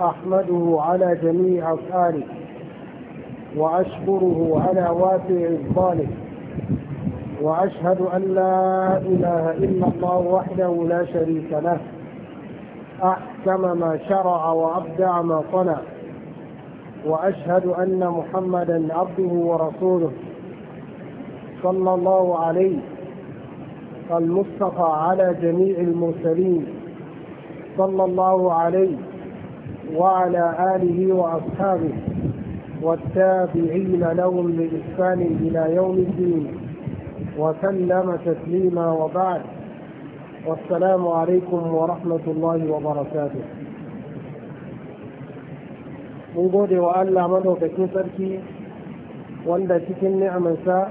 أحمده على جميع أفعاله وأشكره على واسع إفضاله وأشهد أن لا إله إلا الله وحده لا شريك له أحكم ما شرع وأبدع ما صنع وأشهد أن محمدا عبده ورسوله صلى الله عليه المصطفى على جميع المرسلين صلى الله عليه وعلى آله وأصحابه والتابعين لهم بإحسان إلى يوم الدين وسلم تسليما وبعد والسلام عليكم ورحمة الله وبركاته من قول وأن لا منه بكين تكن نعم ساء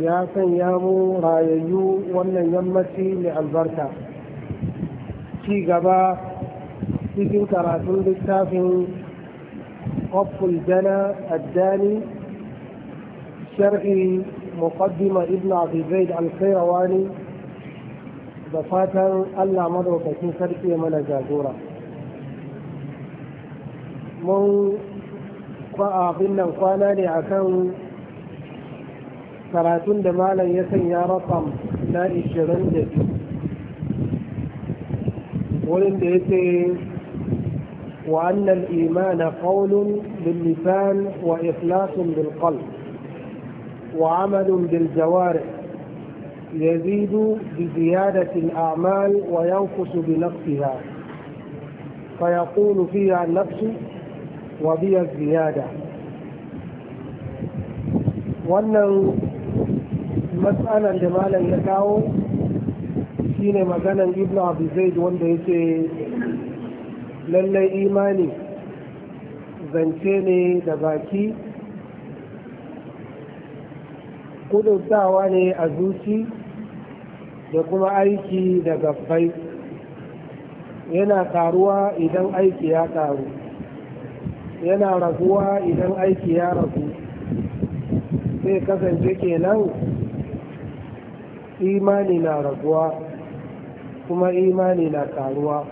يا سيام رايو وأن يمتي لعن بركة كي cikin karatun littafin ƙwafful jana addani sharhi muqaddima ibn abi zaid al-khairawani da fatan allah madaukakin karfe mana jagora mun abin nan kwana ne akan karatun da malam ya sanya rakam na 22 wurin da ya ce وأن الإيمان قول باللسان وإخلاص بالقلب وعمل بالجوارح يزيد بزيادة الأعمال وينقص بنقصها فيقول فيها النفس وبي الزيادة wannan matsalar da malam ya kawo shine maganan ibn abu zaid wanda yake lallai imani zance ne da baki kudurtawa ne a zuci da kuma aiki da gabbai yana karuwa idan aiki ya karu yana raguwa idan aiki ya ragu sai kasance kenan imani na raguwa kuma imani na karuwa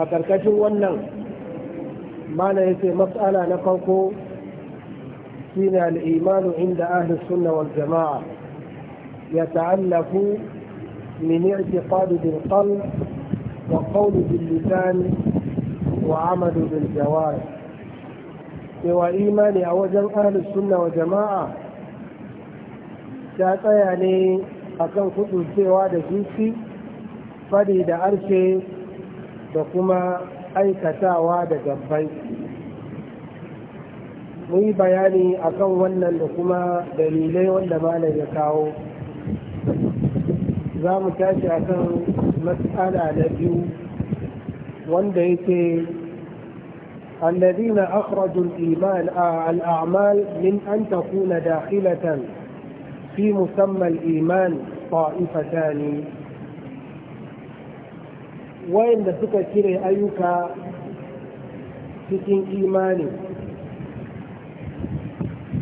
a ƙarƙashin wannan mana yake matsala na farko shine al'imanu inda ahli sunna wal jama'a ya ta'allaku min i'tiqadi bil qalb wa qawli bil lisan wa amalu bil jawarih cewa imani a wajen ahli sunna wa jama'a ta tsaya ne akan kudu cewa da zuci fadi da arshe da kuma aikatawa da gabbai mun yi bayani akan wannan da kuma dalilai wanda malam ya kawo za mu tashi akan matsala na biyu wanda yake الذين أخرجوا الإيمان الأعمال من أن تكون داخلة في مسمى الإيمان طائفتان wayanda suka cire ayyuka cikin imani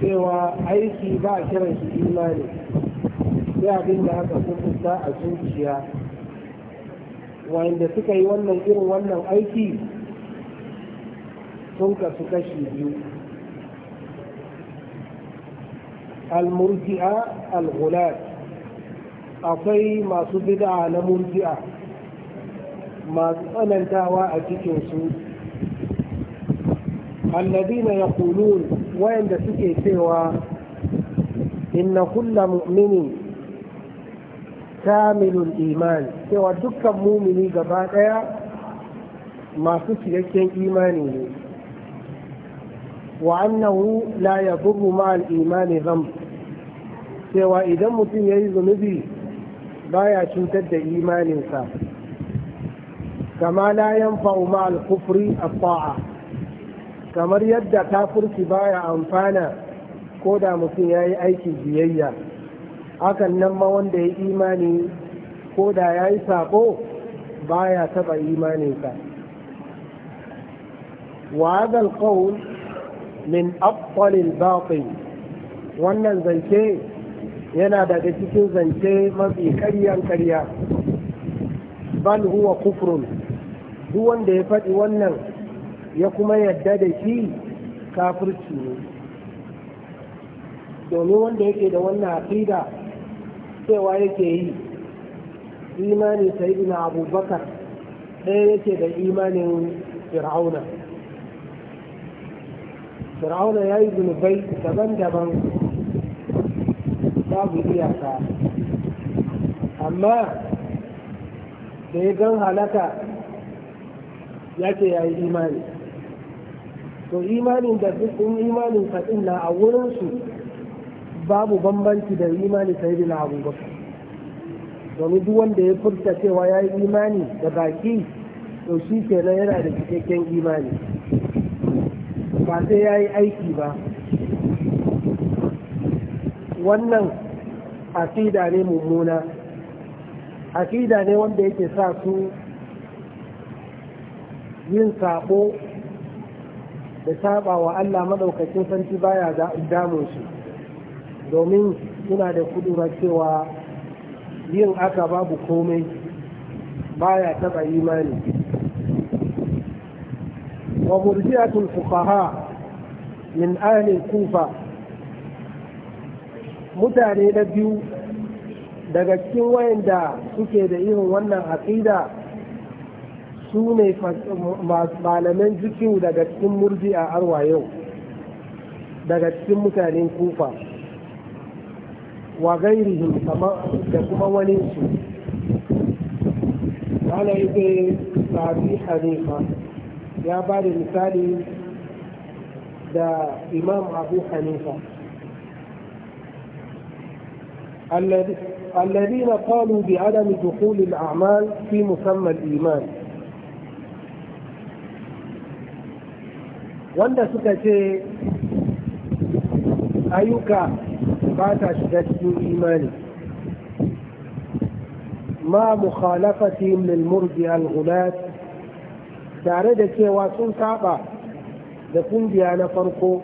cewa aiki ba a kiran shi imani sai abin da aka kubuta a zuciya wayanda suka yi wannan irin wannan aiki sun kasu kashi biyu al-murji'a al akwai masu bid'a na murji'a masu tsanantawa a cikinsu alladina ya kulun wayanda suke cewa inna kulla mumini kamilul iman cewa dukkan mumini gaba daya masu cikakken imani ne wa annahu la yadurru ma al-imani dhanb cewa idan mutum yayi zunubi baya cutar da imaninsa Gama la yanfa ma al-kufri kamar yadda kafirci baya amfana ko da mutum ya yi aiki biyayya hakan nan ma wanda ya imani ko da ya yi sako baya taɓa imaninsa wa hadha al-qawl min afdal al wannan zance yana daga cikin zance mafi karyar karya bal huwa kufrun duk wanda ya faɗi wannan ya kuma yadda da shi kafirci ne domin wanda yake da wannan aqida cewa yake yi imani sayyidina abubakar ɗaya yake da imanin fir'auna fir'auna ya yi zunubai daban-daban babu iyaka amma da ya gan halaka ya ce ya yi imani to imanin da dukkan imanin kaɗin na a wurinsu babu bambanci da imani sai da abubakar domin duk wanda ya furta cewa ya yi imani da baki to shi kenan yana da cikakken imani ba sai ya yi aiki ba wannan akida ne mummuna akida ne wanda yake sa su yin sabo da saba wa Allah maɗaukacin santi baya damun shi domin suna da kudura cewa yin aka babu komai baya taba imani wa murji'atul fuqaha min ahli kufa mutane na biyu daga cikin wayanda suke da irin wannan aqida su ne malaman jikin daga cikin murji a arwa yau daga cikin mutanen kufa wa gairihim da kuma wani su ana ita sabi hanifa ya ba da misali da imam abu hanifa الذين قالوا بعدم دخول الأعمال في مسمى الإيمان wanda suka ce ayyuka ba ta shiga cikin imani ma mukhalafatihim lil murji'a al tare da cewa sun saba da kungiya na farko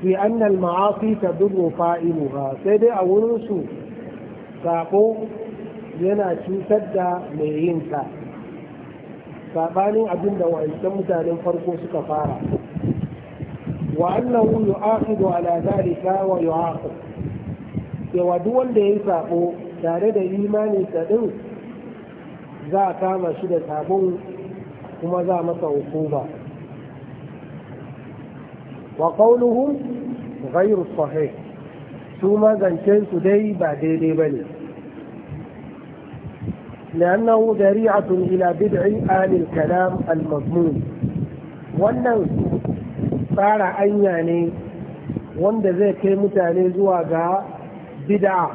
fi annal ma'asi tadurru fa'iluha sai dai a wurin su sabo yana cutar da mai yin ta saɓanin abin da wa'ancan mutanen farko suka fara wa annahu yu'aqidu ala dhalika wa yu'aqib cewa duk wanda yayi sabo tare da imani ta din za a kama shi da sabon kuma za masa hukuma wa qawluhum ghayru sahih su ma zancen su dai ba daidai bane لأنه ذريعة إلى بدع آل الكلام المضمون wannan tsara anya ne wanda zai kai mutane zuwa ga bid'a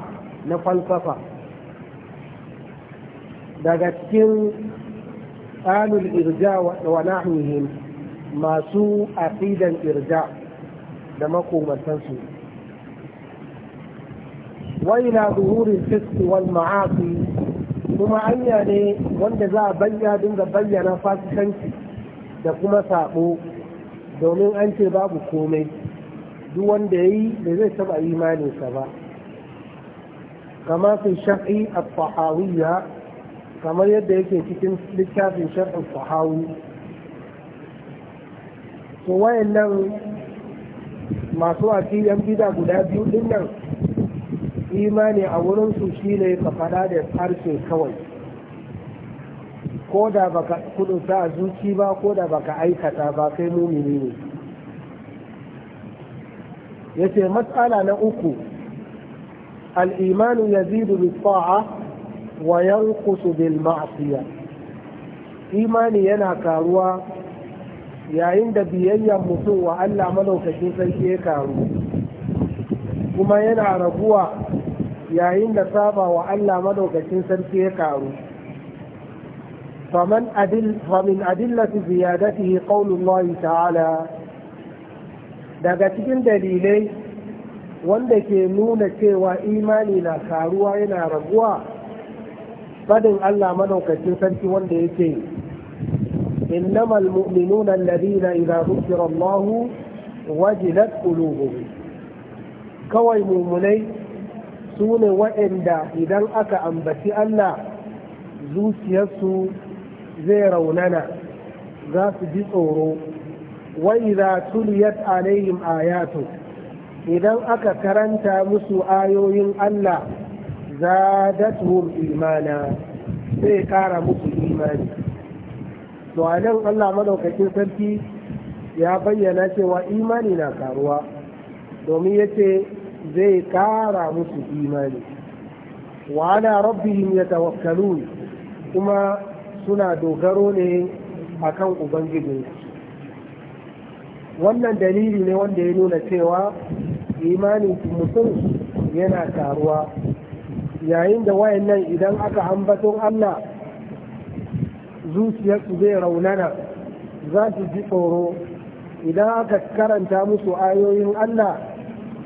na falsafa daga cikin alul irja wa nahmihim masu aqidan irja da makomantansu wa ila zuhurin fisk wal ma'asi kuma hanya ne wanda za a bayyana dinga bayyana fasikanci da kuma sabo domin an ce babu komai duk wanda ya yi da zai taba imaninsa ba kama fi shafi a fahawiyya kamar yadda yake cikin littafin shafi fahawi to wayan nan masu yan bida guda biyu din nan imani a wurinsu shi ne ka faɗa da harshe kawai ko da baka kuduta a zuci ba ko da baka aikata ba kai mumini ne ya ce matsala na uku al'imanu ya zidu bisa'a wa yan kusu ma'asiya imani yana karuwa yayin da biyayyen mutum wa Allah madaukakin sarki ya karu kuma yana raguwa yayin da saba wa Allah madaukakin sarki ya karu فمن أدل فمن أدلة ta'ala daga cikin dalilai wanda ke nuna cewa imani na karuwa yana raguwa fadin Allah madaukakin sarki wanda yake innamal mu'minuna alladhina idza dhukira Allah wajilat qulubuhum kawai mummunai su ne waɗanda idan aka ambaci Allah zuciyarsu zai raunana za su ji tsoro wai za تليت عليهم آياته idan aka karanta musu ayoyin allah زادتهم imana sai kara musu imani to a nan Allah madaukakin sarki ya bayyana cewa imani na karuwa domin yace zai kara musu imani wa ala rabbihim yatawakkalun kuma suna dogaro ne akan ubangiji wannan dalili ne wanda ya nuna cewa imanin mutum yana taruwa. yayin da wayannan idan aka ambaton Allah zuciyarsu zai raunana za su ji tsoro idan aka karanta musu ayoyin Allah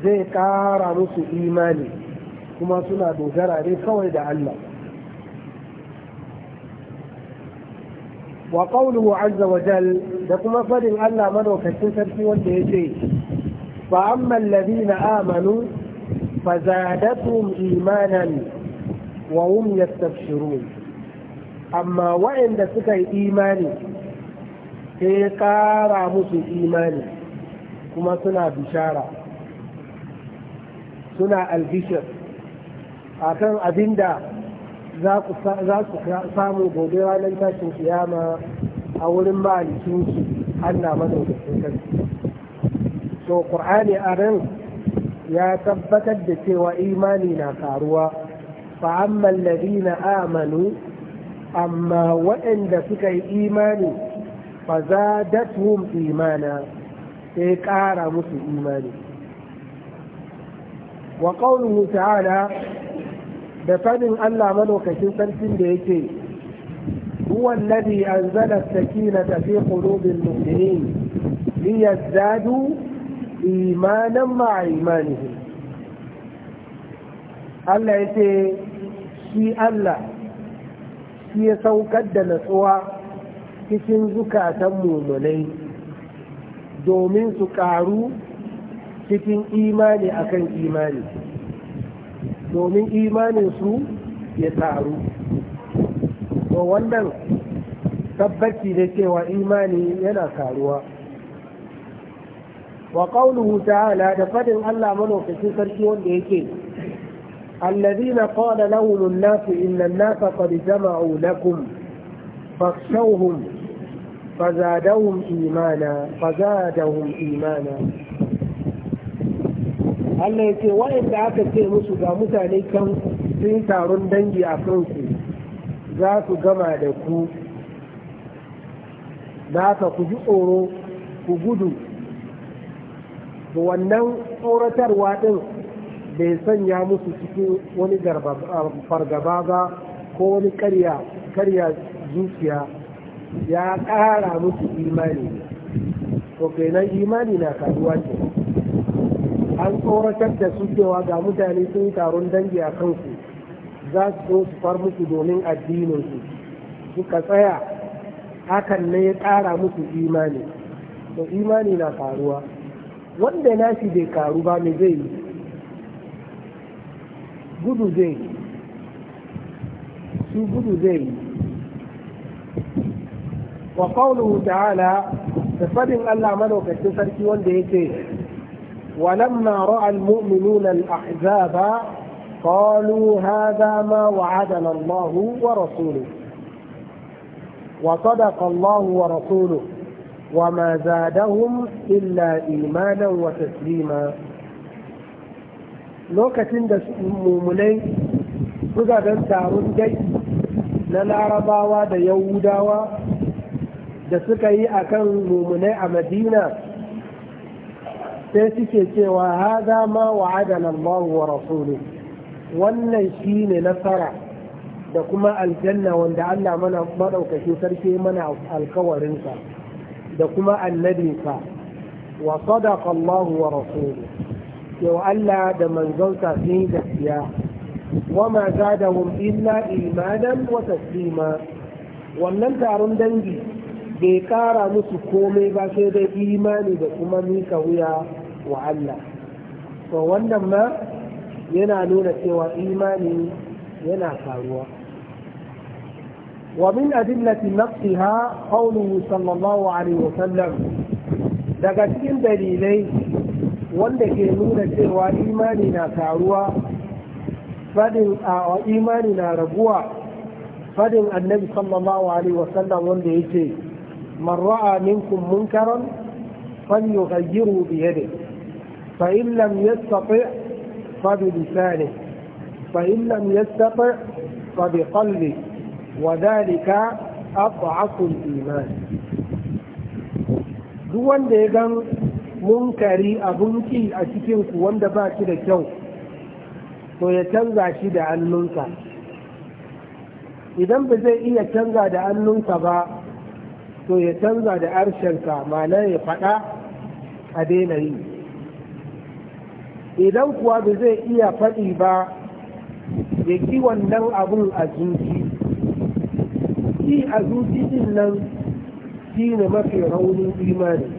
zai ƙara musu imani kuma suna dogara ne kawai da Allah wa qawluhu azza wa jal da kuma fadin Allah madaukakin sarki wanda yake fa amma alladhina amanu fazadatuhum imanan wa hum yastabshirun amma waɗanda suka yi imani sai ya ƙara musu imani kuma suna bishara suna albishir kan abin da za ku samu gobe ranar tashin kiyama a wurin malikinsu Allah madaukakin sarki to qur'ani a ran ya tabbatar da cewa imani na karuwa fa amma amanu amma waɗanda suka yi imani fa zadatuhum imana sai ƙara musu imani wa qawluhu ta'ala da fadin Allah madaukakin sarkin da yake هو الذي أنزل السكينة في قلوب المؤمنين ليزدادوا إيمانا مع إيمانهم Allah ya ce shi Allah shi ya saukar da natsuwa cikin zukatan mummunai domin su ƙaru cikin imani akan imani domin imaninsu ya taru to wannan tabbaci da cewa imani yana karuwa wa qawluhu ta'ala da faɗin Allah malaukakin sarki wanda yake الذين قال لهم الناس إن الناس قد جمعوا لكم فاخشوهم فزادهم إيمانا فزادهم إيمانا Allah ya ce waɗanda aka ce musu ga mutane kan sun taron dangi a kansu za su gama da ku da haka ku ji tsoro ku gudu wannan tsoratarwa ɗin bai sanya musu cikin wani ah, fargaba ba ko wani karya zuciya ya ƙara musu imani to kenan imani na karuwa ce an tsoratar da su cewa ga mutane sun yi taron dangi a kansu za su zo su far musu domin addininsu suka tsaya hakan ne ya ƙara musu imani to imani na faruwa. wanda nashi bai karu ba me zai yi gudu zai yi su gudu zai yi wa qawluhu ta'ala da fadin Allah madaukakin sarki wanda yake ولما راى المؤمنون الاحزاب قالوا هذا ما وعدنا الله ورسوله وصدق الله ورسوله وما زادهم الا ايمانا وتسليما lokacin da mummunai suka don taron dai na larabawa da yahudawa da suka yi akan a madina sai suke cewa hada ma wa'adana Allah wa rasuluhu wannan shine nasara da kuma aljanna wanda Allah mana madaukakin sarki mana alkawarinsa da kuma annabinsa wa sadaqa Allah wa rasuluhu yau Allah da manzonsa sun yi gaskiya wa ma zadahum illa imanan wa taslima wannan taron dangi bai kara musu komai ba sai dai imani da kuma mika wuya wa Allah to wannan ma yana nuna cewa imani yana karuwa ومن أدلة نقصها ha صلى الله عليه وسلم daga cikin dalilai wanda ke nuna cewa imani na taruwa fadin a imani na raguwa fadin annabi sallallahu alaihi wasallam wanda yake من رأى منكم منكرا فليغيره بيده فإن لم يستطع فبلسانه فإن لم يستطع فبقلبه وذلك أضعف الإيمان duk wanda ya gan munkari abinci a cikinku wanda ba shi da kyau to ya canza shi da hannunsa idan ba zai iya canza da hannunsa ba to ya canza da arshensa ma'ana ya faɗa a daina yi idan kuwa ba zai iya faɗi ba ya ki wannan abun a zuci ki a zuci din nan shi ne mafi raunin imani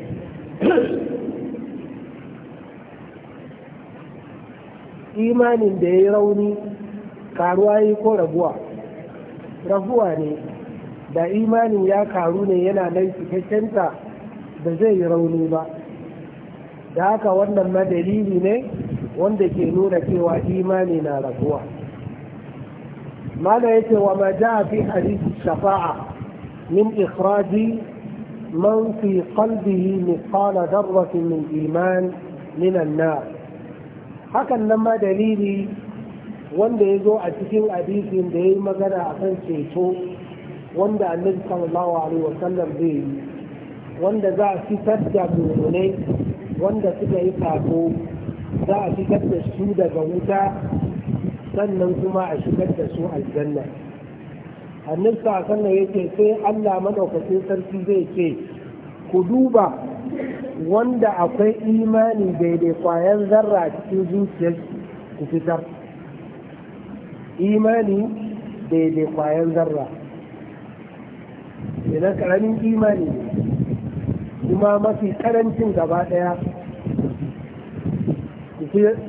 imanin da ya yi rauni karuwa yi ko rabuwa rabuwa ne da imanin ya karu ne yana nan cikakkenta da zai yi rauni ba da haka wannan madalili ne wanda ke nuna cewa imani na raguwa mana yake wa ma fi hadisi shafa'a min ikhraji man fi qalbihi mithqala darratin min iman min an-nar hakan nan ma dalili wanda ya zo a cikin hadisin da ya yi magana a kan ceto wanda annabi sallallahu alaihi wasallam zai yi wanda za a fitar da mummunai wanda suka yi sako za a fitar da su daga wuta sannan kuma a shigar da su aljanna annabi sallallahu alaihi yake sai Allah madaukakin sarki zai ce ku duba wanda akwai imani daidai kwayan zarra cikin zuciyar ku fitar imani daidai kwayan zarra kenan karamin imani ne kuma mafi karancin gaba daya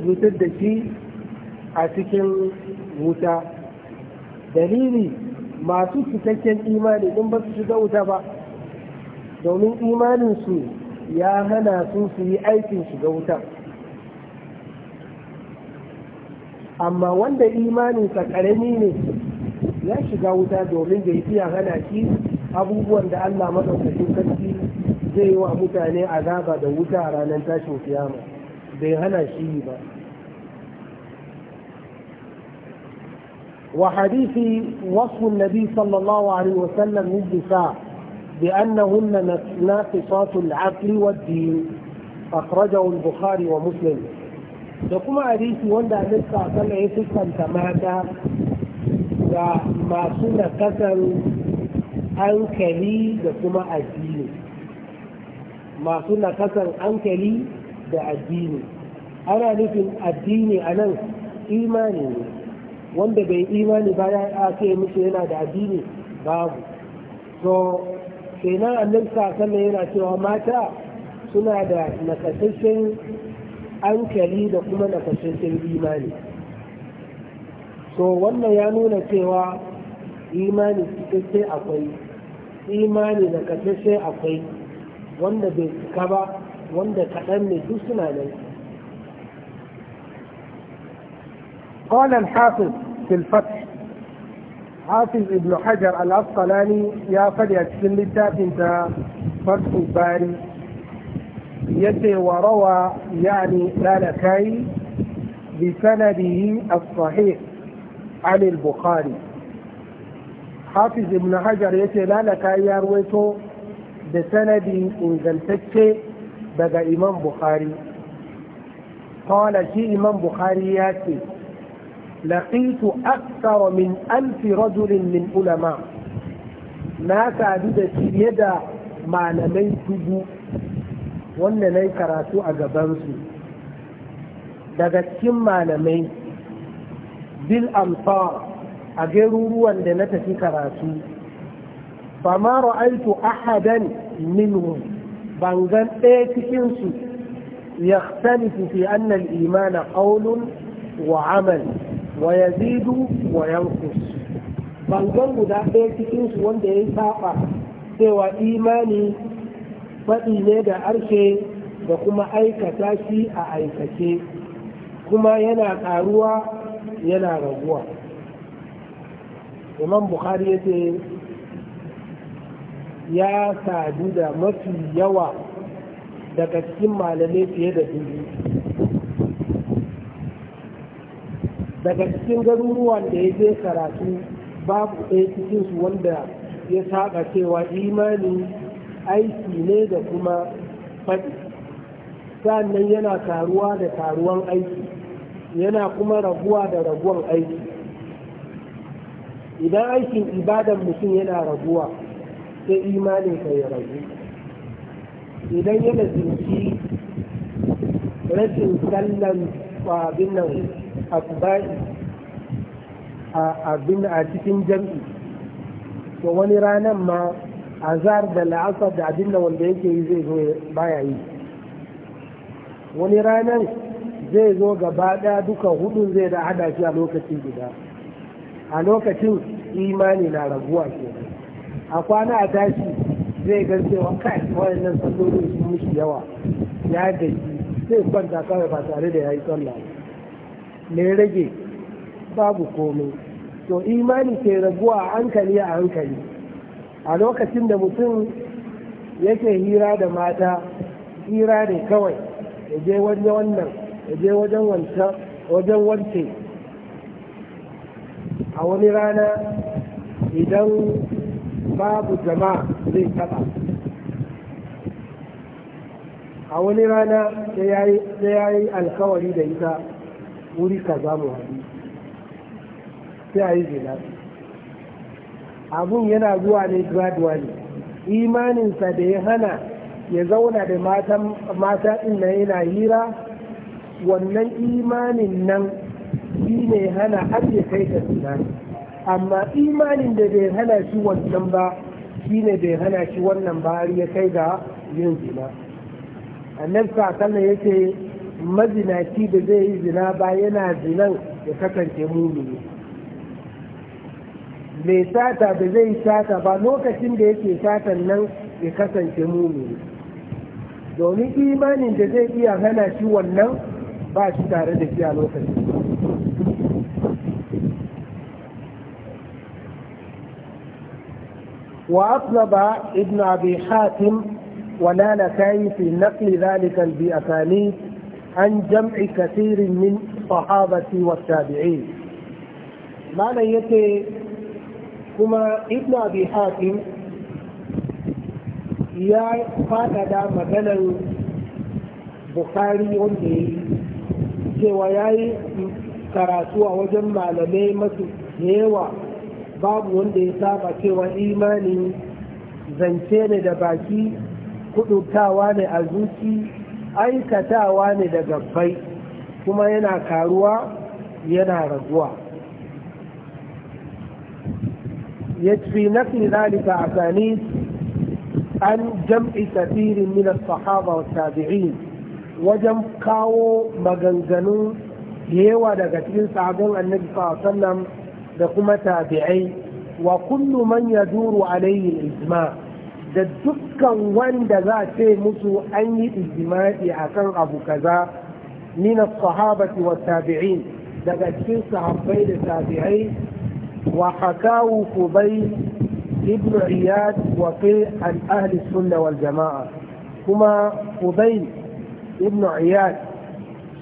zutar da shi a cikin wuta dalili masu cikakken imani in ba su shiga wuta ba domin imaninsu ya hana su su yi aikin shiga wuta amma wanda imaninsa karami ne ya shiga wuta domin ya fiya hana shi abubuwan da Allah madaukakin sarki zai wa mutane azaba da wuta a ranar tashin kiyama bai hana shi ba وحديث وصف النبي صلى الله عليه وسلم للنساء بأنهن ناقصات العقل والدين أخرجه البخاري ومسلم لكم حديث وندا نسا طلع سكن تماتا da masu nakasar hankali da kuma addini masu nakasan hankali da addini ana nufin addini a nan imani ne wanda bai imani ba ya ake musu yana da addini babu to kenan annabi sallallahu yana cewa mata suna da nakasashen hankali da kuma nakasashen imani so wannan ya nuna cewa imani cikakke akwai imani da kasashe akwai wanda bai cika ba wanda kaɗan ne duk suna nan قال الحافظ في الفتح حافظ ابن حجر العسقلاني يا فدي أتكلم للتافنت فتح الباري يتي وروى يعني لالكي بسنده الصحيح عن البخاري hafiz ibn hajar ya ce lalaka ya ruwaito da sanadin ingantacce daga imam bukhari kawala shi imam bukhari ya ce laqitu aksara min alfi rajulin min ulama na sadu da fiye da malamai dubu wanda na yi karatu a gabansu daga cikin malamai bil amsar a garuruwan da na tafi karatu fama ra'aitu ahadan minhum ban gan ɗaya cikin su yahtalifu fi anna al-iman qawlun wa amal wa yazidu wa yanqus ban gan guda ɗaya cikin su wanda ya saba cewa imani faɗi ne da arshe da kuma aikata shi a aikace kuma yana ƙaruwa yana raguwa imam bukhari ya ce ya sadu da mafi yawa daga cikin malamai fiye da dubu daga cikin garuruwan da ya je karatu babu ɗaya cikinsu wanda ya saƙa cewa imani aiki ne da kuma faɗi sannan yana taruwa da taruwan aiki yana kuma raguwa da raguwan aiki idan aikin ibadan mutum yana raguwa sai imanin ka ya ragu idan yana zinci rashin sallan abin nan a abin a cikin jam'i to wani ranar ma azar da la'asar da abin da wanda yake yi zai zo baya yi wani ranar zai zo gaba ɗaya duka hudun zai da hada shi a lokacin guda a lokacin imani na raguwa ke a kwana a tashi zai ga cewa kai nan sallolin sun mishi yawa ya gaji zai kwanta kawai ba tare da ya yi sallah me rage babu komai to imani ke raguwa a hankali a hankali a lokacin da mutum yake hira da mata hira ne kawai ya je wajen wannan ya je wajen wancan wajen wancan a wani rana idan babu jama'a zai taba a wani rana da ya yi alkawari da ita wuri ka za mu haɗu sai a yi zina abun yana zuwa ne gradually imaninsa da ya hana ya zauna da mata ɗin yana hira wannan imanin nan shi ne hana har ya kai ga zina amma imanin da bai hana shi wannan ba shi ne bai hana shi wannan ba har ya kai ga yin zina annabi sallallahu ya ce mazinaci da zai yi zina ba yana zinan ya kasance mumini mai sata da zai yi sata ba lokacin da yake satan nan ya kasance mumini domin imanin da zai iya hana shi wannan ba shi tare da shi a lokacin وأطلب ابن أبي حاتم ونال كاي في نقل ذلك البيئتاني عن جمع كثير من الصحابة والتابعين معنى يتي كما ابن أبي حاتم يا فاتدا maganar بخاري wanda ya yi cewa ya yi karatu a babu wanda ya saba cewa imani zance ne da baki kudurtawa ne a zuci aikatawa ne da gabbai kuma yana karuwa yana raguwa ya fi nafi zalika a sani an jam'i tafirin min sahaba wa wajen kawo maganganu da yawa daga cikin sabon annabi sallallahu sannan. da kuma tabi'ai wa kullu man yaduru alayhi ijma da dukkan wanda za ce musu an yi ijma'i akan abu kaza min as-sahabati wa tabi'in daga cikin sahabbai da tabi'ai wa hakawu kubai ibn iyad wa fi an ahli sunna wal jama'a kuma kubai ibn iyad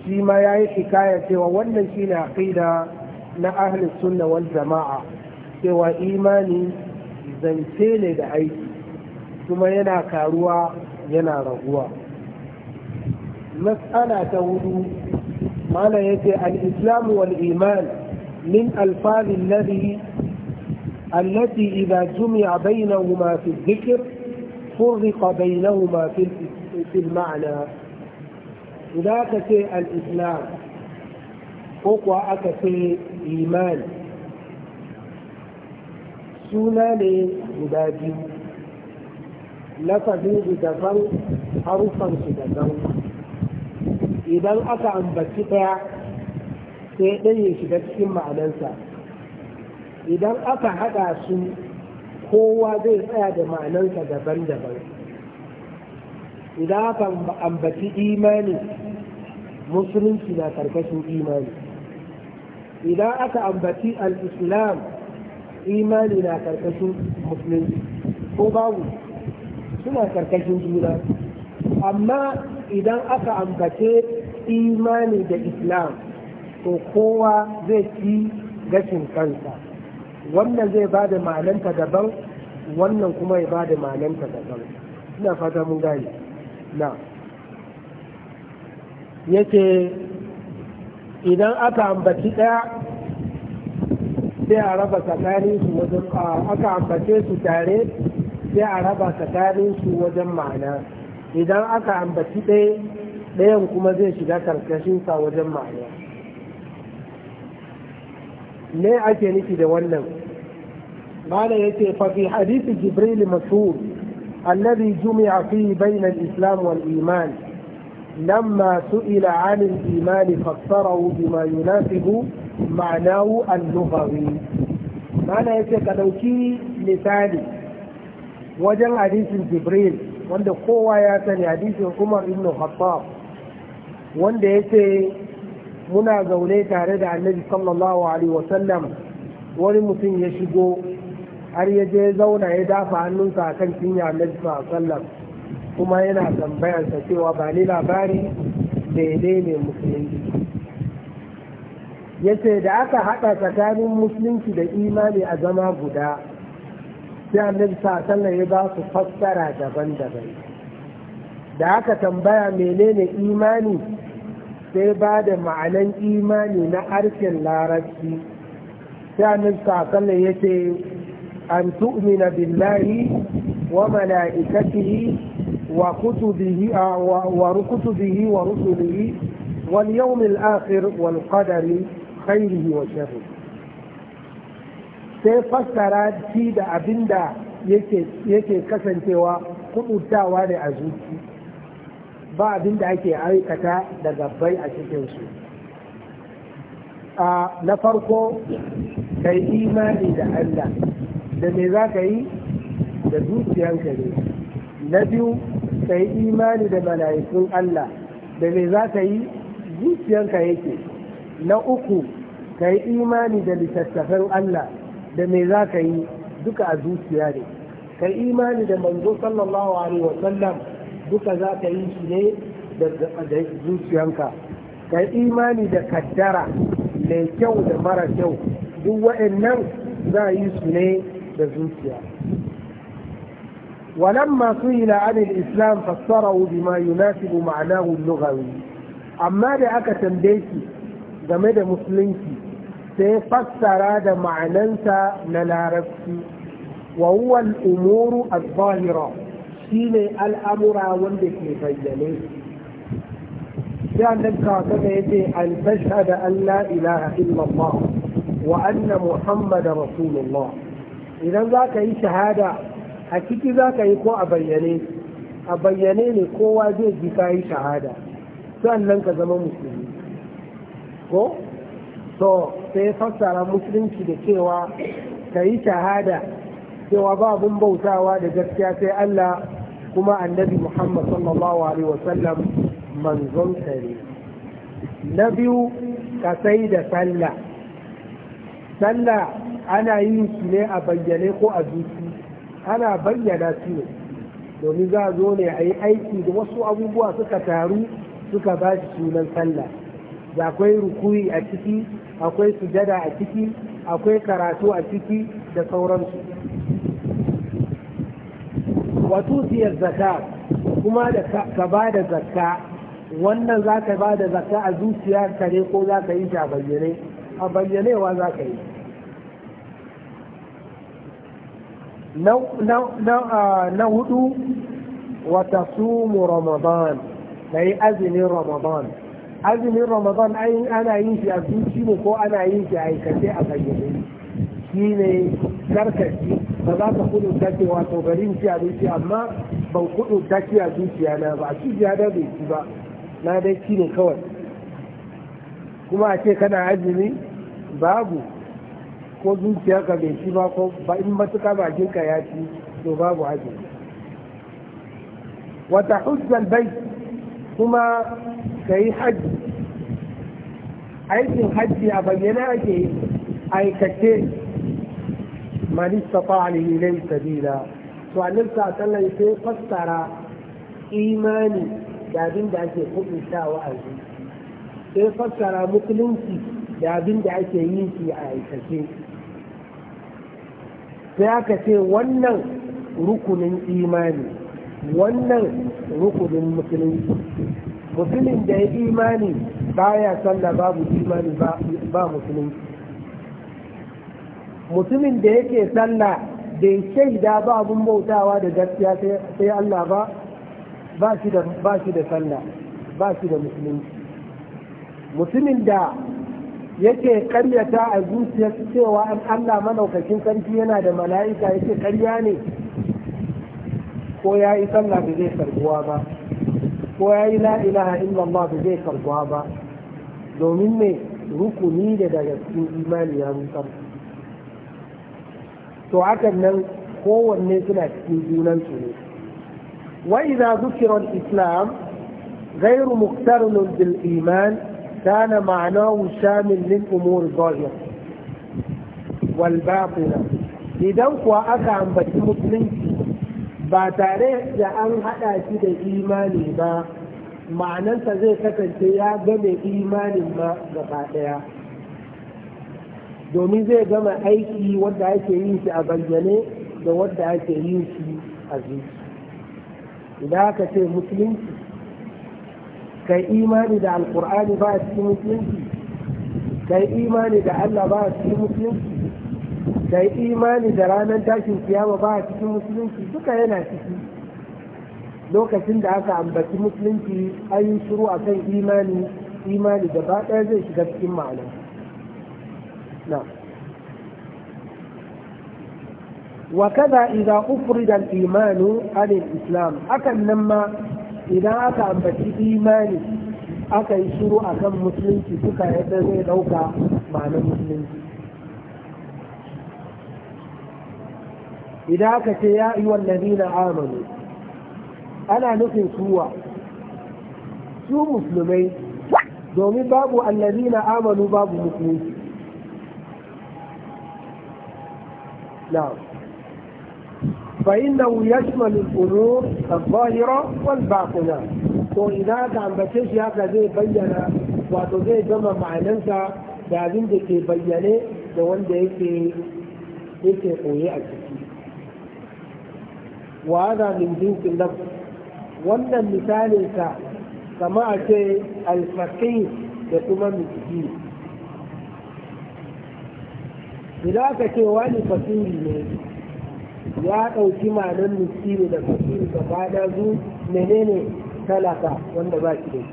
shi ma yayi hikaya cewa wannan shine aqida na ahlus sunna wal jama'a cewa imani zance ne da aiki kuma yana karuwa yana raguwa mas'ala ta hudu mana yace al-islam wal iman min alfan alladhi التي إذا جمع بينهما في الذكر فرق بينهما في المعنى إذا كتئ الإسلام ko kuwa aka ce imani suna ne guda biyu lafazin su daban harufan su daban idan aka ambaci ɗaya sai ɗaya ya shiga cikin ma'anarsa idan aka haɗa su kowa zai tsaya da ma'anarsa daban-daban idan aka ambaci imani musulunci na karkashin imani idan aka ambaci al-islam imani na karkashin musulunci ko babu suna karkashin juna amma idan aka ambace imani da islam to kowa zai ci gashin kansa wannan zai ba da malanta daban wannan kuma ya ba da malanta daban Suna fata mun gani na yake idan aka ambaci ɗaya sai a raba tsakanin su wajen aka ambace su tare sai a raba tsakanin su wajen ma'ana idan aka ambaci ɗaya ɗayan kuma zai shiga karkashin sa wajen ma'ana ne ake nufi da wannan mana yake fa fi hadisi jibril mashhur الذي جمع فيه بين الإسلام iman. لما سئل عن الإيمان فسره بما يناسب معناه اللغوي معنى يتك دوكي مثالي وجن حديث جبريل wanda kowa ya sani hadisin Umar ibn Khattab wanda yace muna zaune tare da Annabi sallallahu alaihi sallam, wani mutum ya shigo har ya je zauna ya dafa hannunsa akan cinya Annabi sallallahu alaihi sallam. kuma yana tambayarsa cewa ba ni labari daidai ne musulunci ya ce da aka haɗa tsakanin musulunci da imani a zama guda sai annabi sallallahu ya ba su fassara daban-daban da aka tambaya menene imani sai ba da ma'anan imani na harshen larabci sai annabi sallallahu ya ce an tu'mina billahi wa mala'ikatihi وكتبه وكتبه ورسله واليوم الآخر والقدر خيره وشره sai fassara ci da abin da yake kasancewa kuɗutawa ne a zuci ba abin da ake aikata da gabbai a cikinsu a na farko ka yi imani da Allah da me za ka yi da zuciyanka ne na biyu ka yi imani da mala'ikun Allah da me za ka yi zuciyanka yake na uku ka yi imani da littattafan Allah da me za ka yi duka a zuciya ne ka yi imani da manzo sallallahu alaihi wasallam duka za ka yi shi ne da zuciyanka ka yi imani da kaddara mai kyau da mara kyau duk waɗannan za a yi su ne da zuciya ولما سئل عن الإسلام فسره بما يناسب معناه اللغوي أما لأك تنبيتي جميل مسلمتي سيفسر هذا معننسى للعرفة وهو الأمور الظاهرة سين الأمر وندك مفيدني يعني نبقى أن تشهد أن لا إله إلا الله وأن محمد رسول الله إذا ذاك إيش شهاده a ciki za ka yi ko a bayyane a bayyane ne kowa zai ji ka yi shahada sannan ka zama musulmi ko to sai fassara musulunci da cewa ka yi shahada cewa ba abin bautawa da gaskiya sai Allah kuma annabi Muhammad sallallahu alaihi wasallam manzon sare na biyu ka sai da sallah sallah ana yi shi ne a bayyane ko a zuci ana bayyana su ne domin za a zo ne a yi aiki da wasu abubuwa suka taru suka ba shi sunan sallah da akwai rukuyi a ciki akwai sujada a ciki akwai karatu a ciki da sauransu wato siyar zaka kuma da ka ba da zakka wannan za ka ba da zakka a zuciya kare ko za ka yi ta bayyane a bayyanewa za ka yi na hudu wata sumu ramadan na yi azumin ramadan azumin ramadan ana yin shi a zuci mu ko ana yin shi a aikace a bayyane shi ne karkashi ba za ka kudu ta cewa garin shi a zuci amma ban kudu take a zuciya na ba a ciki ya bai shi ba na dai shi ne kawai kuma a ce kana azumi babu ko zuciya ka bai ci ba ko ba in matuka bakinka ya ci to babu wa wata hujjal bai kuma ka yi haji. aikin haji a bayyana ake aikace man istata ilai sabila to a sallallahu sai fassara imani da abin da ake kudintawa a wa'azi. sai fassara musulunci da abin da ake yi shi a aikace sai aka ce wannan rukunin imani wannan rukunin musulunci musulun da ya imani baya sallah babu imani ba musulunci mutumin da yake sallah bai shaida ba abun bautawa da gaskiya sai Allah ba ba shi da sallah ba shi da musulunci mutumin da yake karyata a zuciyar cewa an Allah manaukakin sarki yana da mala'ika yake karya ne ko ya yi sallah da zai karbuwa ba ko ya yi la'ilaha illallah da zai karbuwa ba domin ne rukuni da daga cikin imani ya rusar to hakan nan kowanne suna cikin junansu ne wa idza zukira al-islam ghayru muqtarinun bil iman كان معناه شامل للأمور الظاهرة والباطنة Idan kuwa aka ambaci musulunci ba tare da an haɗa shi da imani ba ma'anansa zai kasance ya game imanin ma gaba ɗaya domin zai gama aiki wanda ake yin shi a bayyane da wanda ake yin shi a zuci idan aka ce musulunci كي إيمان إذا القرآن بعد في مسلم كي إيمان إذا الله بعد في مسلم كي إيمان إذا رانا تاشي القيامة بعد في مسلم دوكا هنا تشي دوكا سند عفا عم في مسلم أي شروع كي إيمان إيمان إذا بعد هذا إيش قد كم معنا نعم وكذا إذا أفرد الإيمان عن الإسلام أكن لما idan aka ambaci imani aka yi shiru akan musulunci suka yadda zai ɗauka ma'anar musulunci idan aka ce ya yi wannan nina amanu ana nufin suwa su musulmai domin babu allazi na amanu babu musulunci na'am فإنه يشمل الأمور الظاهرة والباطنة وإذا كان بتشي هذا زي بيّن وعطو زي جمع مع ننسى لازم دي بيّن لون دي في في قوية وهذا من جنس النفس وأن المثال كما أتي الفقير يقوم من جديد إذا كتوان فقير من جديد ya ɗauki ma'anar miskini da fakiri da da zu menene talaka wanda ba shi da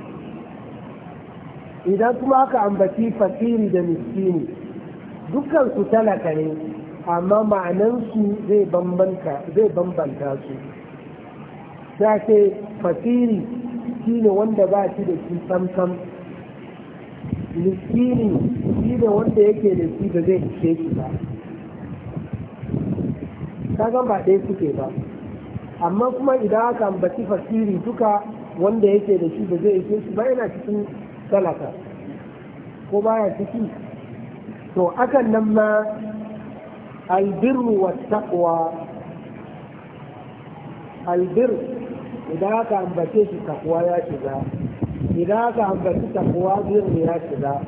idan kuma aka ambaci Fasiri da miskini dukkan su talaka ne amma ma'anansu zai bambanta su ta ce shi shine wanda ba shi da shi samsam miskini shi ne wanda yake da shi da zai ishe shi ba kaga ba ɗaya suke ba amma kuma idan aka ambaci fasiri duka wanda yake da shi da zai ishe shi ba yana cikin talaka ko baya ciki to akan nan ma albirru wa taqwa albir idan aka ambace shi taqwa ya shiga idan aka ambaci taqwa birni ya shiga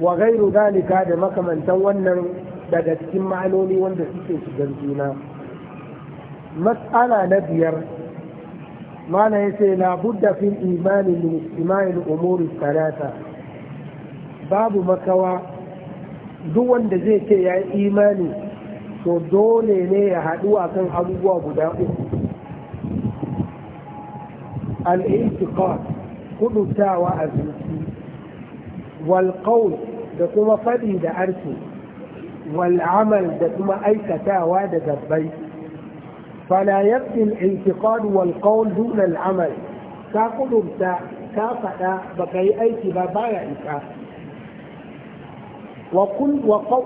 wa gairu dalika da makamantan wannan daga cikin ma'anoni wanda suke shigar juna mas'ala na biyar mana ya ce labudda fil imani min umuri salata babu makawa duk wanda zai ce ya yi imani to dole ne ya haɗu a kan abubuwa guda uku al'intiqad kudutawa a zuci wal da kuma faɗi da arki والعمل دكما أي كتاوى دكبي فلا يبقي الانتقاد والقول دون العمل تاخذ بتاع كافأ بكي أي كبابايا إكاف وكل,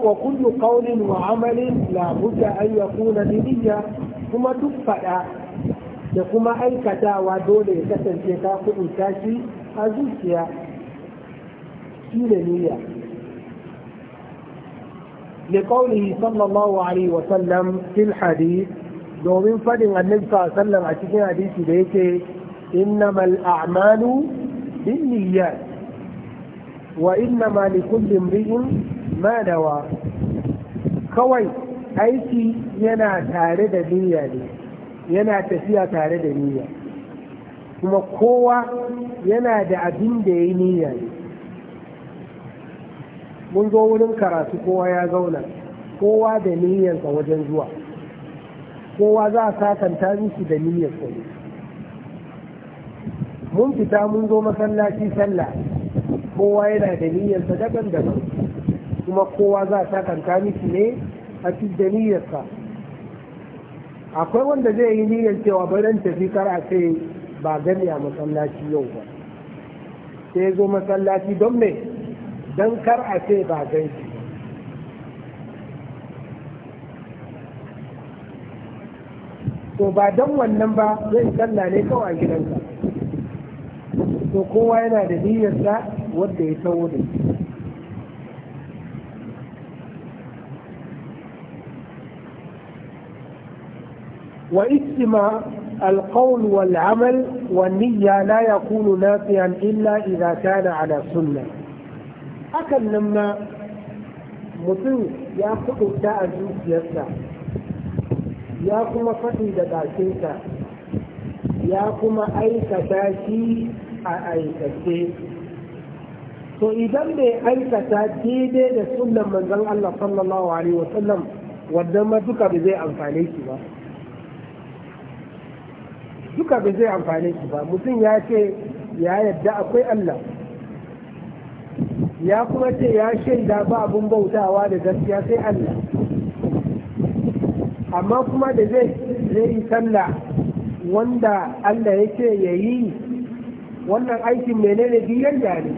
وكل قول وعمل لا بد أن يكون بنية كما تكفأ da kuma aikatawa dole ya kasance ta kuɗin tashi a zuciya shi da niyya لقوله صلى الله عليه وسلم في الحديث domin fadin annabi sallam a cikin hadisi da yake innamal a'malu binniyat wa innama likulli imrin ma dawa kawai aiki yana tare da niyya yana tafiya tare da niyya kuma kowa yana da abinda yayi niyya mun zo wurin karatu kowa ya zauna kowa da niyyarsa wajen zuwa kowa za a sakanta miki da niyyarsa ne mun fita mun zo masallaci sallah kowa yana da niyyarsa daban daban kuma kowa za a sakanta miki ne a da niyyarsa akwai wanda zai yi niyyar cewa bayan tafi kar a ce ba gani a masallaci yau ba sai zo masallaci don me don kar a ce ba gan shi to ba don wannan ba zai salla ne kawai a gidanka to kowa yana da niyyarsa wadda ya tawo da shi واجتماع القول والعمل والنية لا يكون نافيا إلا إذا كان على سنة hakan nan ma mutum ya kuɗuta a zuciyarsa ya kuma faɗi da bakinsa ya kuma aikata shi a aikace to idan bai aikata daidai da sunan manzon Allah sallallahu alaihi wasallam wannan ma duka ba zai amfane shi ba duka ba zai amfane shi ba mutum ya ce ya yadda akwai Allah ya kuma ce ya shaida ba abin bautawa da gaskiya sai Allah amma kuma da zai yi sallah wanda Allah ya ce ya yi wannan aikin menene da ne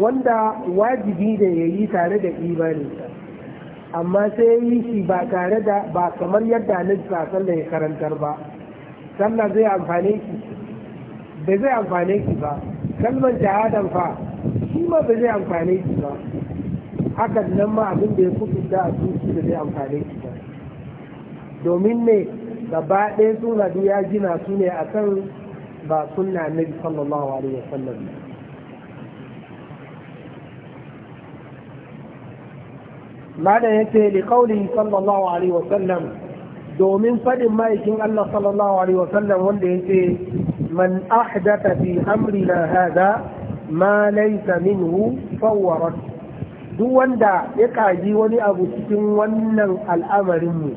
wanda wajibi da ya yi tare da imaninsa amma sai ya yi shi ba tare da ba kamar yadda annabi sallah ya karantar ba sallah zai amfane shi ba zai amfane shi ba kalmar shahadan fa shi ma ba zai amfane shi ba hakan nan ma abin da ya kusurta a zuci da zai amfane shi ba domin ne gaba ɗaya suna ya gina su ne a kan ba sunna annabi sallallahu alaihi wa sallam wasallam malam yace li qawli sallallahu alaihi wa sallam domin fadin ma'aikin Allah sallallahu alaihi wa sallam wanda yace man ahdatha fi amrina hada ma laisa minhu fawwarat duk wanda ya kaji wani abu cikin wannan al'amarinmu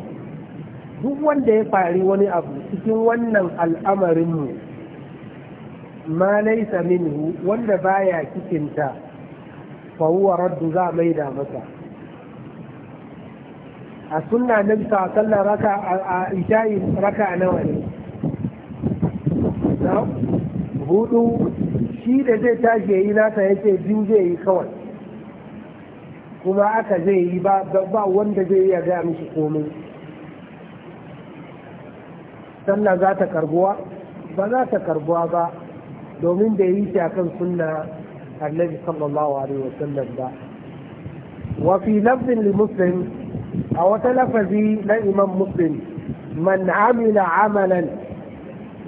duk wanda ya fari wani abu cikin wannan al'amarinmu ma laisa minhu wanda baya cikinta huwa raddu za mai da masa a sunna na ta sallar raka a isha'i raka nawa ne hudu shi da zai tashi ya yi nasa ya ce biyu zai yi kawai kuma aka zai yi ba wanda zai iya gaya mishi komai sannan za ta karbuwa ba za ta karbuwa ba domin da yi shi akan sunna annabi sallallahu alaihi wasallam ba wa fi lafzin li muslim a wata lafazi na imam muslim man amila amalan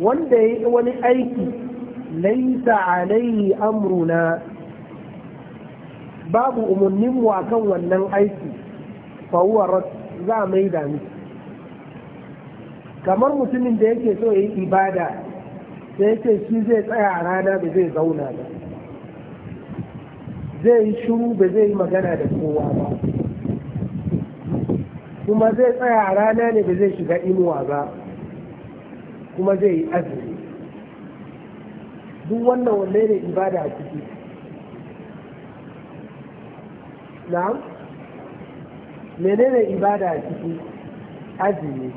wanda ya yi wani aiki laisa alaihi amruna babu umarninmu a kan wannan aiki fawuwar za mai dami kamar mutumin da yake so ya yi ibada da yake shi zai tsaya a rana da zai zauna ba zai yi shuru ba zai yi magana da kowa ba kuma zai tsaya a rana ne ba zai shiga inuwa ba kuma zai yi azumi duk wannan wanne ne ibada a ciki na'am menene ibada a ciki azumi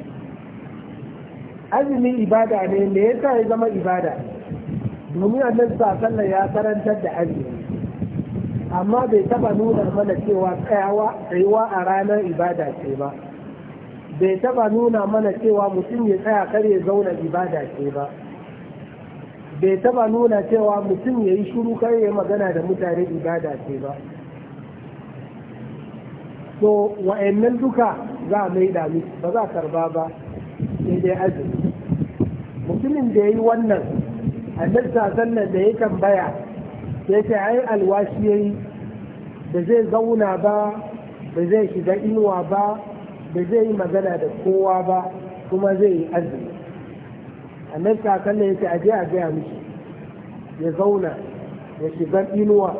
azumi ibada ne me yasa ya zama ibada domin annabi sallallahu ya karantar da azumi amma bai taba nuna mana cewa tsayawa tsayuwa a ranar ibada ce ba bai taba nuna mana cewa mutum ya tsaya kar ya zauna ibada ce ba bai taba nuna cewa mutum ya yi shuru kan ya magana da mutane ibada ce ba to wa'annan duka za a mai dami ba za a karba ba sai dai azumi mutumin da ya yi wannan a annabi sannan da ya tambaya sai ta ai alwashi yayi da zai zauna ba da zai shiga inuwa ba da zai yi magana da kowa ba kuma zai yi azumi annabi ta kalla yake aje a gaya miki ya zauna ya shiga inuwa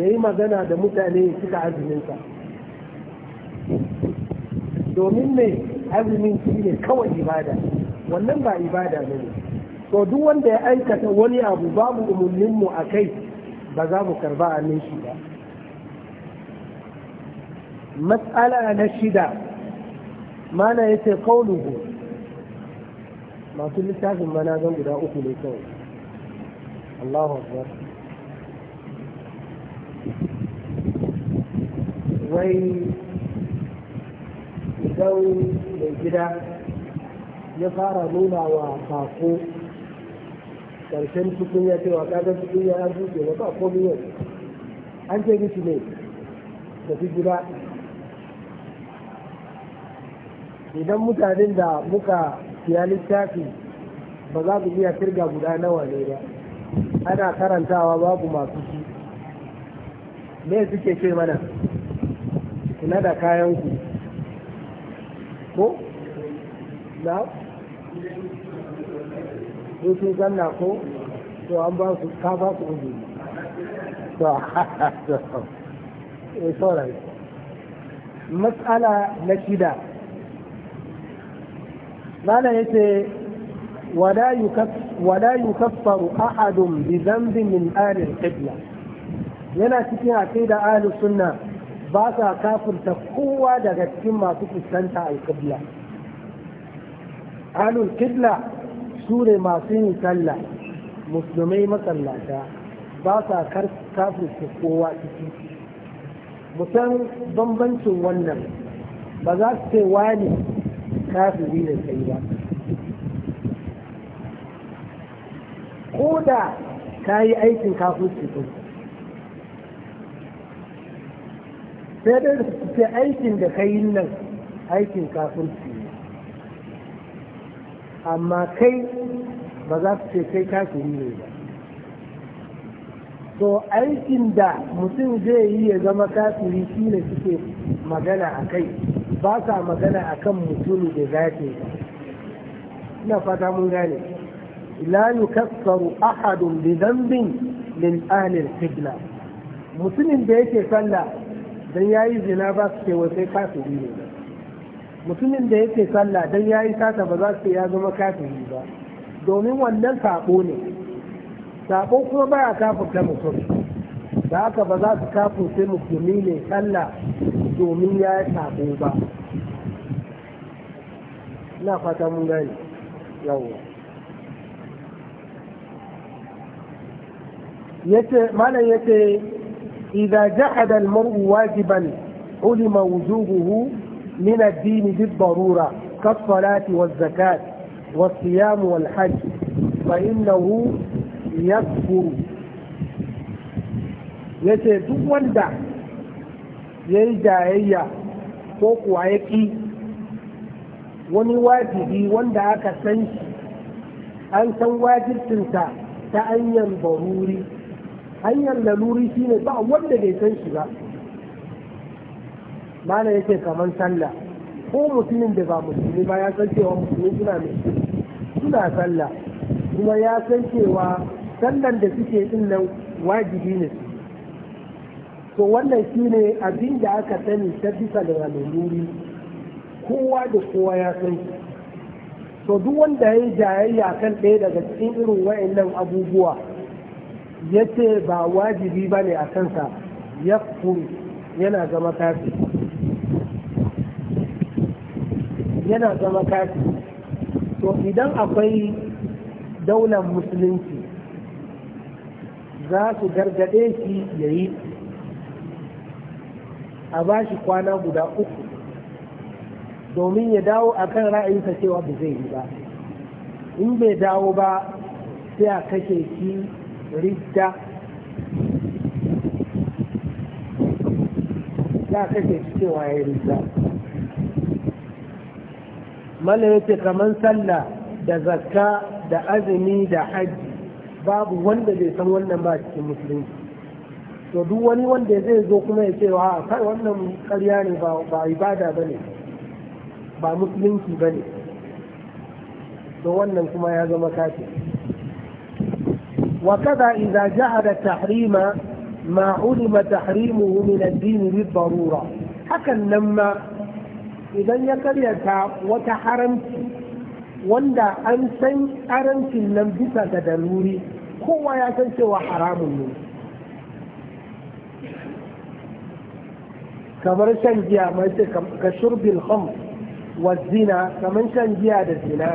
ya yi magana da mutane ya cika azuminsa domin ne azumin shi ne kawai ibada wannan ba ibada ne to duk wanda ya aikata wani abu babu mu a kai ba za mu karba a shi ba matsala na shida mana yace kauluhu masu littafin mana zan guda uku ne kawai Allahu Akbar wai idan mai gida ya fara nuna wa kako karshen tukunya cewa cikin ya yi buɗe ba ba komai yau an ce gishi ne tafi gida idan mutanen da muka Ya littafi ba za ku iya kirga guda nawa ne ba ana karantawa babu masu shi me suke ce mana kula da kayan ku ko na sun zanna ko to an ba su ka ba ku uzu to to matsala na shida malam yace wala yukaffaru ahadun bi min ahli al yana cikin aqida ahli sunna ba sa kafirta kowa daga cikin masu fuskanta al-qibla ahli al su ne masu yin sallah musulmai masallata ba sa kafirta kowa ciki musan bambancin wannan ba za su ce wani kafiri da kai ba ko da ka yi aikin kafirci ko sai dai su ce aikin da ka yi nan aikin kafirci ne amma kai ba za su ce kai kafiri ne ba to aikin da mutum zai yi ya zama kafiri shi ne suke magana a kai ba sa magana a kan mutumi da zafi ina fata mun gane la yukassaru ahadun bi dhanbin lil ahli al-qibla mutumin da yake sallah dan yayi zina ba su ce wai sai kafiri ne mutumin da yake sallah dan yayi sata ba za su ce ya zama kafiri ba domin wannan sabo ne sabo kuma baya ta mutum da haka ba za su kafin sai mutumi ne sallah دومي يا تابوبا لا فاتم غير يوم يت ما لا يت إذا جحد المرء واجبا علم وجوبه من الدين بالضرورة كالصلاة والزكاة والصيام والحج فإنه يكفر يت دوان دعم ya yi jayayya ko kuwa ya ƙi wani wajibi wanda aka san shi an san wajibcinsa ta hanyar baruri hanyar laluri shine ba wanda bai san shi ba mana yake kamar sallah ko mutumin da ba musulmi ba ya san cewa musulmi suna suna sallah kuma ya san cewa sallan da suke din nan wajibi ne su to wannan shi ne abin da aka sani ta bisa da lalururi kowa da kowa ya san to duk wanda ya yi jayayya kan ɗaya daga cikin irin wayannan abubuwa ya ce ba wajibi ba ne a kansa ya yana zama kafi yana zama kafi to idan akwai daular musulunci za su gargaɗe shi ya yi a ba shi kwana guda uku domin ya dawo a kan ra'ayinsa cewa ba zai yi ba in bai dawo ba sai a kashe ki ridda za a kashe ki cewa ya yi ridda mala yake kamar sallah da zakka da azumi da hajji babu wanda bai san wannan ba cikin musulunci to duk wani wanda zai zo kuma ya ce wa kai wannan karya ne ba ibada ba ne ba musulunci ba ne to wannan kuma ya zama kafi wa kada idza jahada tahrima ma ulima tahrimuhu min ad-din bi darura hakan nan ma idan ya karyata wata haramci wanda an san haramcin nan bisa ga daluri kowa ya san cewa haramun ne kamar shan giya mai ce ka shurbil kham wa zina kamar shan giya da zina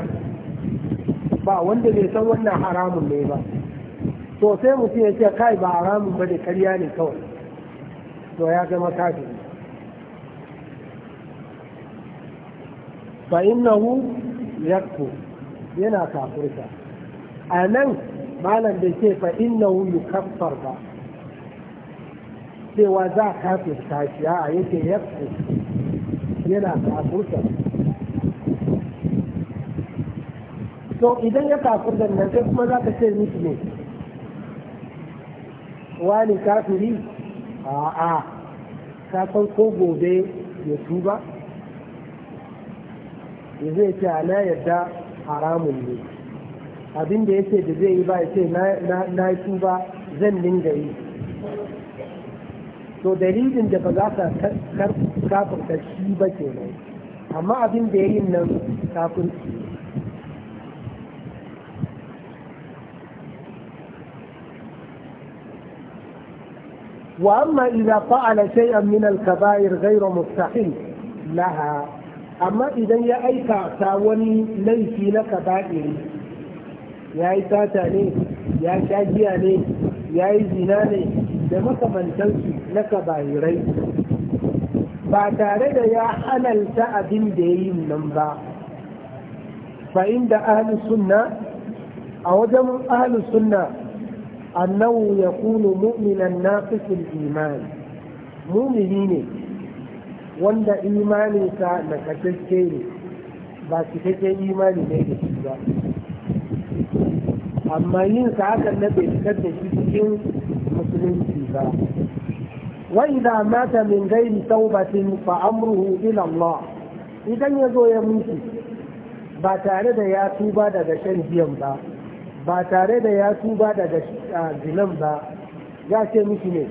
ba wanda bai san wannan haramun ne ba to sai mutum ya ce kai ba haramun ba da karya ne kawai to ya zama kafin. fa innahu yakfu yana kafirta a nan malam bai ce fa innahu yukaffar ba cewa za ka fi tashi a yake yaku yana kafurta to idan ya kafurta nan sai kuma za ka ce miki ne wani kafiri a'a ka san ko gobe ya tuba ya zai ce na yarda haramun ne Abinda da ya ce da zai yi ba ya ce na tuba zan dinga yi to dalilin da ba za ka kafin karshi ba ke nan amma abin da yayin nan kafin su yi wa amma ila fa’ala sai an min alkabayar gairo mustahil na amma idan ya aika ta wani laifi na kaba’ir ya yi tata ne ya shagiya ne ya yi zina da makamantansu na kabairai ba tare da ya halalta abin da ya yi nan ba Fa'inda inda ahalus sunna a wajen ahalus sunna annahu yakunu mu'minan naqisul iman mu'mini ne wanda imaninsa na kasance ne ba cikakken imani ne da shi ba amma yin sa hakan na bai fitar da shi cikin musulunci ba mata min وإذا مات من غير توبة فأمره idan ya zo ya mutu. ba tare da ya tuba daga shan giyan ba ba tare da ya tuba daga zinan ba ya ce miki ne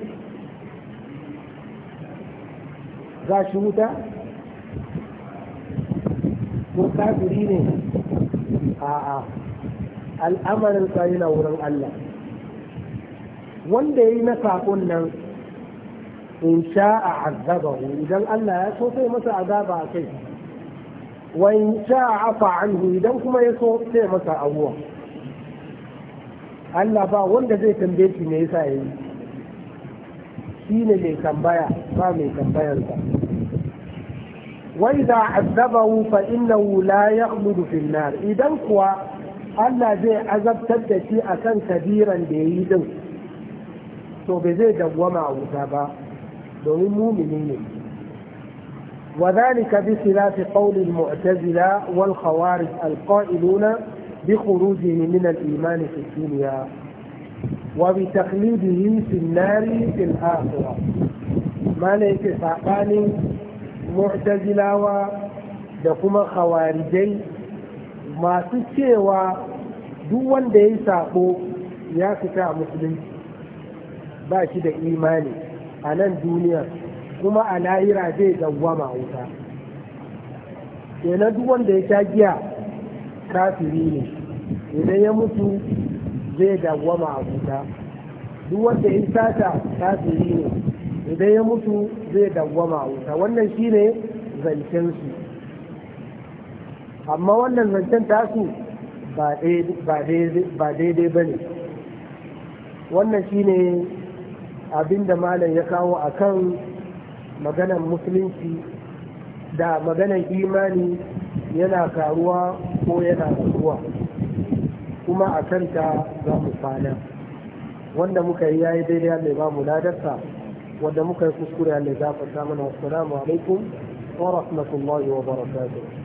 za shi wuta ko kafiri ne a'a al'amarin tsari na wurin Allah wanda ya yi na saƙon nan in sha a azabahu idan Allah ya so sai masa azaba a kai wa in sha a afa anhu idan kuma ya so sai masa abuwa Allah ba wanda zai tambaye shi me yasa yayi shi ne mai tambaya ba mai tambayarsa wa idza azabahu fa innahu la ya fil nar idan kuwa Allah zai azabtar da shi akan kabiran da yayi din to bai zai dawwama a wuta ba للمؤمنين وذلك بخلاف قول المعتزلة والخوارج القائلون بخروجه من الإيمان في الدنيا وبتقليده في النار في الآخرة ما ليس ساقاني معتزلة ودكما خوارجي ما تشي دون دي ساقو يا كتاب مسلم باشد إيماني a nan duniyar kuma a lahira zai dawwama wuta kenan duk wanda ya sha giya kafiri ne idan ya mutu zai dawwama a wuta duk wanda ya sata kafiri ne idan ya mutu zai dawwama a wuta wannan shine zancensu amma wannan zancen tasu ba daidai ba ne wannan shine abinda malam ya kawo a kan maganan musulunci da maganan imani yana karuwa ko yana raguwa kuma a kanta za mu fana wanda muka yi yayi daidai mai ba mu ladarsa wanda muka yi kuskure ya ya gafarta mana assalamu alaikum wa rahmatullahi wa barakatuh